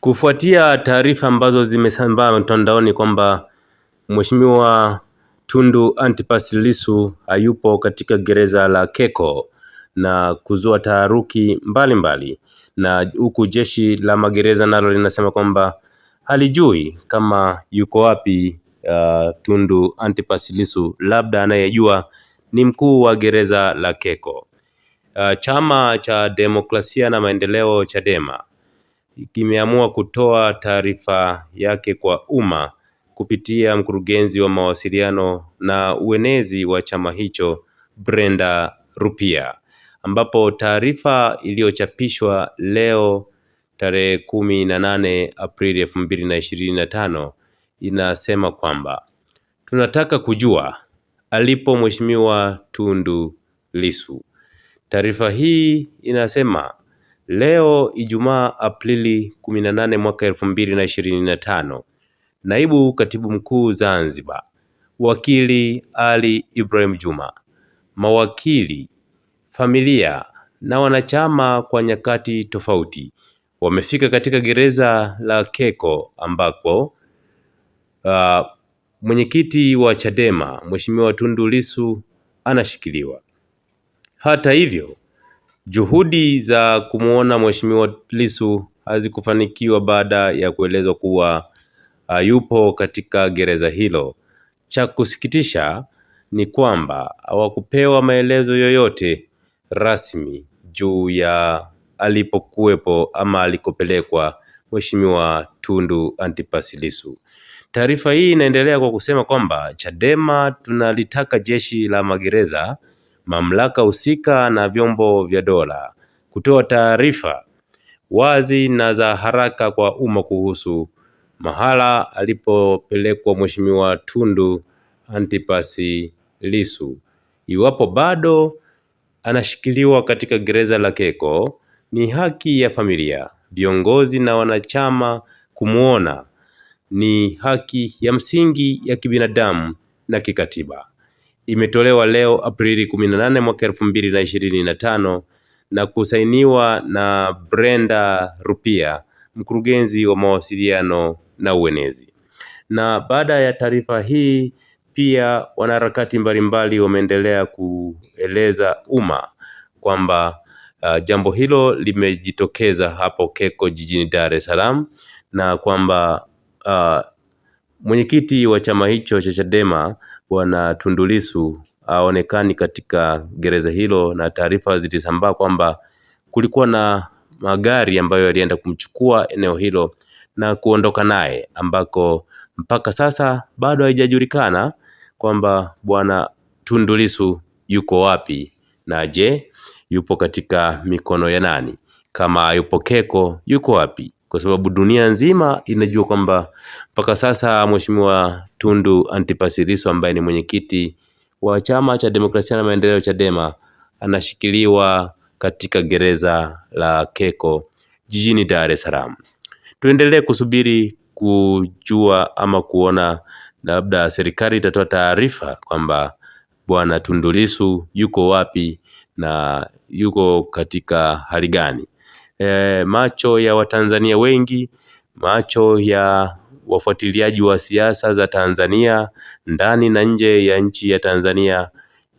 Kufuatia taarifa ambazo zimesambaa mtandaoni kwamba Mheshimiwa Tundu Antipas Lissu hayupo katika gereza la Keko na kuzua taharuki mbalimbali, na huku jeshi la magereza nalo linasema kwamba halijui kama yuko wapi uh, Tundu Antipas Lissu, labda anayejua ni mkuu wa gereza la Keko. Uh, chama cha demokrasia na maendeleo Chadema kimeamua kutoa taarifa yake kwa umma kupitia mkurugenzi wa mawasiliano na uenezi wa chama hicho Brenda Rupia, ambapo taarifa iliyochapishwa leo tarehe kumi na nane Aprili elfu mbili na ishirini na tano inasema kwamba tunataka kujua alipo Mheshimiwa Tundu Lisu. Taarifa hii inasema Leo Ijumaa Aprili 18 na mwaka 2025, naibu katibu mkuu Zanzibar wakili Ali Ibrahim Juma, mawakili, familia na wanachama kwa nyakati tofauti wamefika katika gereza la Keko ambako uh, mwenyekiti wa Chadema Mheshimiwa Tundu Lissu anashikiliwa. Hata hivyo Juhudi za kumuona mheshimiwa Lissu hazikufanikiwa baada ya kuelezwa kuwa uh, yupo katika gereza hilo. Cha kusikitisha ni kwamba hawakupewa maelezo yoyote rasmi juu ya alipokuwepo ama alikopelekwa mheshimiwa Tundu Antipas Lissu. Taarifa hii inaendelea kwa kusema kwamba Chadema tunalitaka jeshi la magereza mamlaka husika na vyombo vya dola kutoa taarifa wazi na za haraka kwa umma kuhusu mahala alipopelekwa Mheshimiwa Tundu Antipas Lissu, iwapo bado anashikiliwa katika gereza la Keko. Ni haki ya familia, viongozi na wanachama kumwona, ni haki ya msingi ya kibinadamu na kikatiba imetolewa leo Aprili 18 mwaka 2025 na kusainiwa na Brenda Rupia, mkurugenzi wa mawasiliano na uenezi. Na baada ya taarifa hii pia wanaharakati mbalimbali wameendelea kueleza umma kwamba uh, jambo hilo limejitokeza hapo Keko jijini Dar es Salaam na kwamba uh, Mwenyekiti wa chama hicho cha Chadema Bwana Tundu Lissu aonekani katika gereza hilo, na taarifa zilisambaa kwamba kulikuwa na magari ambayo yalienda kumchukua eneo hilo na kuondoka naye, ambako mpaka sasa bado haijajulikana kwamba Bwana Tundu Lissu yuko wapi, na je, yupo katika mikono ya nani? Kama yupo Keko, yuko wapi? kwa sababu dunia nzima inajua kwamba mpaka sasa Mheshimiwa Tundu Antipas Lissu ambaye ni mwenyekiti wa chama cha demokrasia na maendeleo Chadema anashikiliwa katika gereza la Keko jijini Dar es Salaam. Tuendelee kusubiri kujua ama kuona labda serikali itatoa taarifa kwamba bwana Tundu Lissu yuko wapi na yuko katika hali gani eh, macho ya Watanzania wengi, macho ya wafuatiliaji wa siasa za Tanzania ndani na nje ya nchi ya Tanzania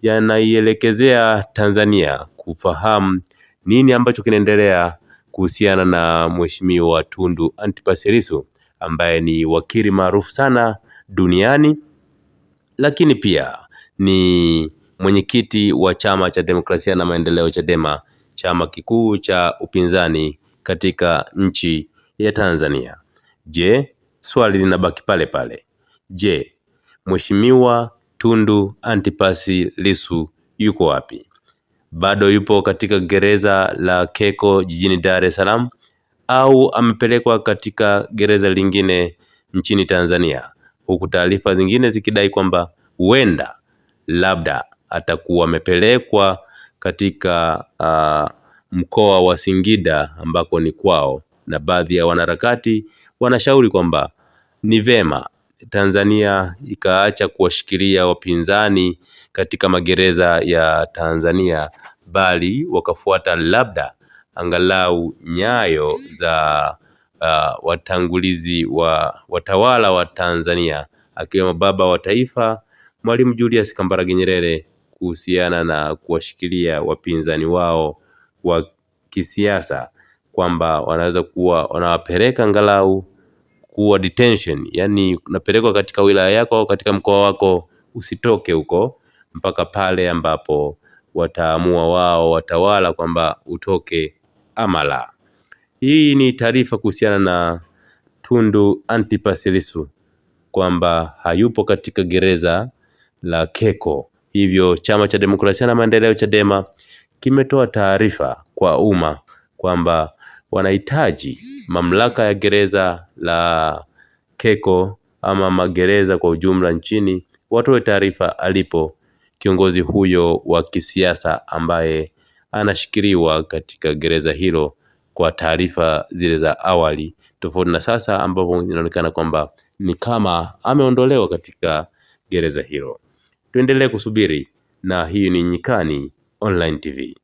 yanaielekezea Tanzania kufahamu nini ambacho kinaendelea kuhusiana na Mheshimiwa Tundu Antipas Lissu ambaye ni wakili maarufu sana duniani, lakini pia ni mwenyekiti wa Chama cha Demokrasia na Maendeleo, Chadema, chama kikuu cha upinzani katika nchi ya Tanzania. Je, swali linabaki pale pale. Je, Mheshimiwa Tundu Antipasi lisu yuko wapi? Bado yupo katika gereza la Keko jijini Dar es Salaam au amepelekwa katika gereza lingine nchini Tanzania, huku taarifa zingine zikidai kwamba huenda labda atakuwa amepelekwa katika uh, mkoa wa Singida ambako ni kwao, na baadhi ya wanaharakati wanashauri kwamba ni vema Tanzania ikaacha kuwashikilia wapinzani katika magereza ya Tanzania, bali wakafuata labda angalau nyayo za uh, watangulizi wa watawala wa Tanzania akiwemo baba wa taifa Mwalimu Julius Kambarage Nyerere kuhusiana na kuwashikilia wapinzani wao wa kisiasa kwamba wanaweza kuwa wanawapeleka angalau kuwa detention, yani unapelekwa katika wilaya yako au katika mkoa wako, usitoke huko mpaka pale ambapo wataamua wao watawala kwamba utoke amala Hii ni taarifa kuhusiana na Tundu Antipas Lissu kwamba hayupo katika gereza la Keko Hivyo chama cha demokrasia na maendeleo Chadema kimetoa taarifa kwa umma kwamba wanahitaji mamlaka ya gereza la Keko ama magereza kwa ujumla nchini watoe taarifa alipo kiongozi huyo wa kisiasa ambaye anashikiliwa katika gereza hilo kwa taarifa zile za awali, tofauti na sasa ambapo inaonekana kwamba ni kama ameondolewa katika gereza hilo tuendelee kusubiri, na hii ni Nyikani Online TV.